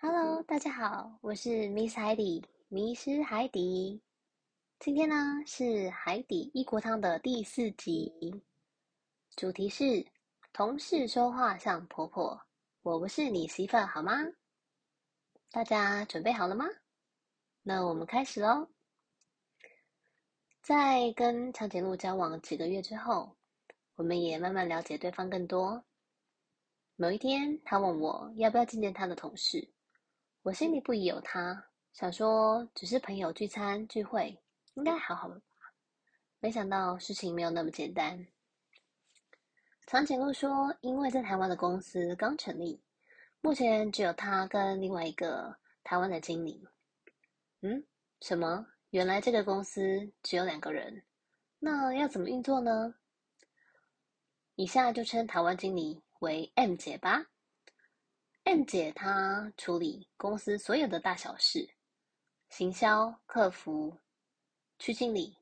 Hello，大家好，我是 Miss Heidi，迷失海底。今天呢是海底異國湯的第四集，主題是同事說話像婆婆，我不是你媳婦好嗎？大家準備好了嗎？那我們開始嘍。在跟長頸鹿交往幾個月之後，我們也慢慢了解對方更多。某一天，他問我要不要見見他的同事。我心裡不疑有他，想說只是朋友聚餐聚會，應該還好吧。沒想到事情沒有那麼簡單。長頸鹿說，因為在台灣的公司剛成立，目前只有他跟另外一個台灣的經理。嗯？什麼？原來這個公司只有兩個人，那要怎麼運作呢？以下就稱台灣經理為 M 姐吧。燕姐她處理公司所有的大小事，行銷、客服、區經理、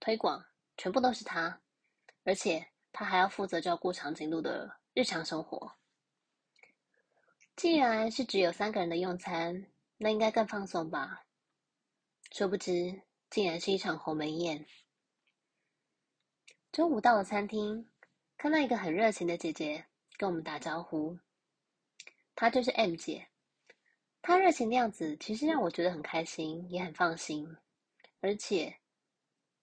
推廣，全部都是她。而且她還要負責照顧長頸鹿的日常生活。既然是只有三個人的用餐，那應該更放鬆吧？殊不知，竟然是一場鴻門宴。中午到了餐廳，看到一個很熱情的姐姐跟我們打招呼。她就是 M 姐，她熱情的樣子其實讓我覺得很開心，也很放心。而且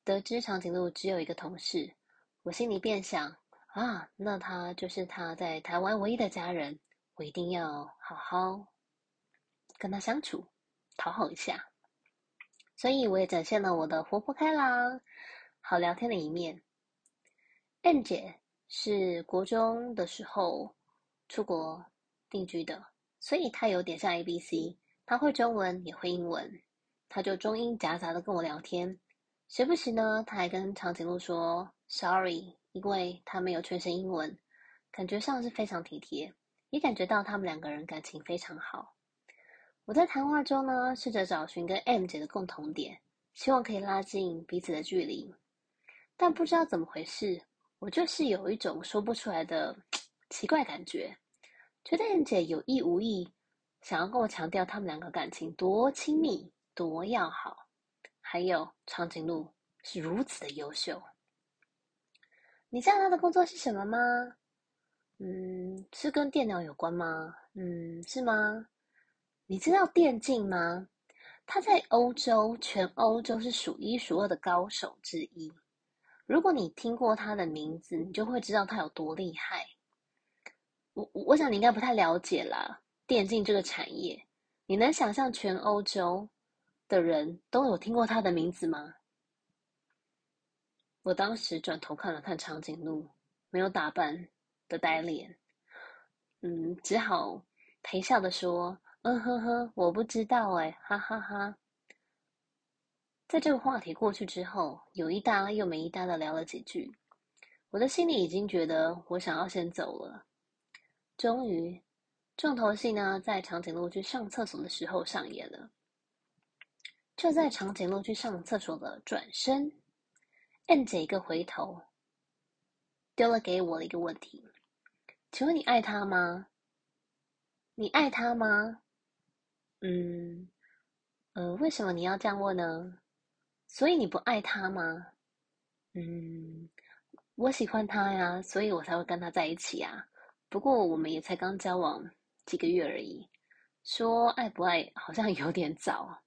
得知長頸鹿只有一個同事，我心裡便想啊，那她就是她在台灣唯一的家人，我一定要好好跟她相處，討好一下。所以我也展現了我的活潑開朗、好聊天的一面。M 姐是國中的時候出國。定居的，所以他有點像 ABC，他會中文也會英文，他就中英夾雜的跟我聊天，時不時呢他還跟長頸鹿說 Sorry，因為他沒有全身英文，感覺上是非常體貼，也感覺到他們兩個人感情非常好。我在談話中呢，試着找尋跟 M 姐的共同點，希望可以拉近彼此的距離，但不知道怎麼回事，我就是有一種說不出來的奇怪感覺。覺得妍姐有意無意想要跟我強調他們兩個感情多親密、多要好，還有長頸鹿是如此的優秀。你知道他的工作是什麼嗎？嗯，是跟電腦有關嗎？嗯，是嗎？你知道電競嗎？他在歐洲，全歐洲是數一數二的高手之一。如果你聽過他的名字，你就會知道他有多厲害。我，我想你應該不太了解啦，電競這個產業。你能想象全歐洲的人都有聽過他的名字嗎？我當時轉頭看了看長頸鹿沒有打扮的呆臉，嗯，只好陪笑的說：“呃、嗯、呵呵，我不知道哎、欸，哈哈哈，哈。”在這個話題過去之後，有一搭又沒一搭的聊了幾句，我的心裡已經覺得我想要先走了。終於，重頭戲呢，在長頸鹿去上廁所的時候上演了。就在長頸鹿去上廁所的轉身，and 一個回頭，丟了給我了一個問題：請問你愛他嗎？你愛他嗎？嗯，呃，為什麼你要這樣問呢？所以你不愛他嗎？嗯，我喜歡他呀，所以我才會跟他在一起呀。不過我們也才剛交往幾個月而已，說愛不愛好像有點早。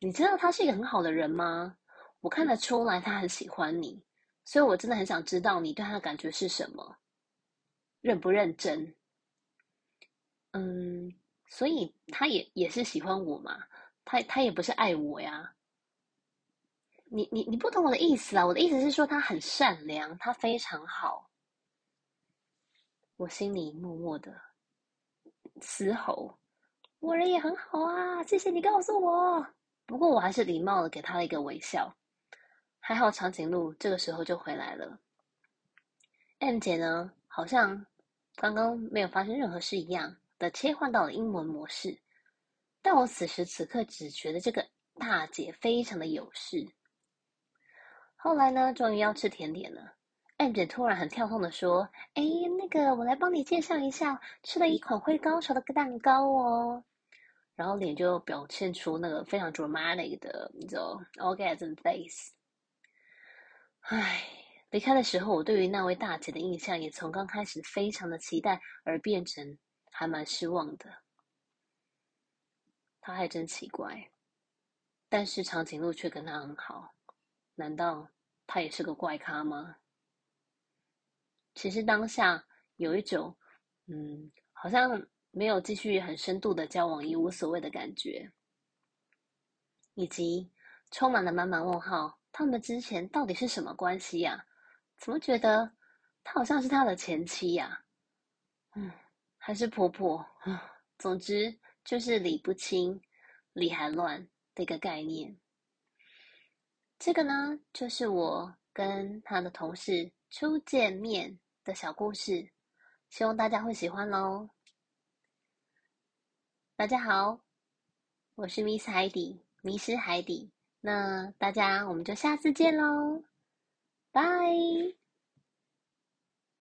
你知道他是一個很好的人嗎？我看得出來他很喜歡你，所以我真的很想知道你對他的感覺是什麼，認不認真？嗯，所以他也也是喜歡我嘛，他他也不是愛我呀。你你你不懂我的意思啦，我的意思是說他很善良，他非常好。我心裡默默的嘶吼：“我人也很好啊，謝謝你告訴我。”不過我還是禮貌的給了他一個微笑。還好長頸鹿這個時候就回來了。M 姐呢，好像剛剛沒有發生任何事一樣的切換到了英文模式。但我此時此刻只覺得這個大姐非常的有事。後來呢，終於要吃甜點了。大姐突然很跳動的說：“哎，那個，我來幫你介紹一下，吃了一款會高潮的蛋糕哦。”然後臉就表現出那個非常 dramatic 的那種 orgasm face。哎，離開的時候，我對於那位大姐的印象也從剛開始非常的期待，而變成還蠻失望的。她還真奇怪，但是長頸鹿卻跟她很好，難道她也是個怪咖嗎？其實當下有一種，嗯，好像沒有繼續很深度的交往也無所謂的感覺，以及充滿了滿滿問號。他們之前到底是什麼關係呀？怎麼覺得他好像是他的前妻呀？嗯，還是婆婆？總之就是理不清、理還亂的一個概念。這個呢，就是我跟他的同事初見面的小故事，希望大家會喜歡嘍！大家好，我是 Miss Heidi，迷失海底。那大家，我們就下次見嘍，拜！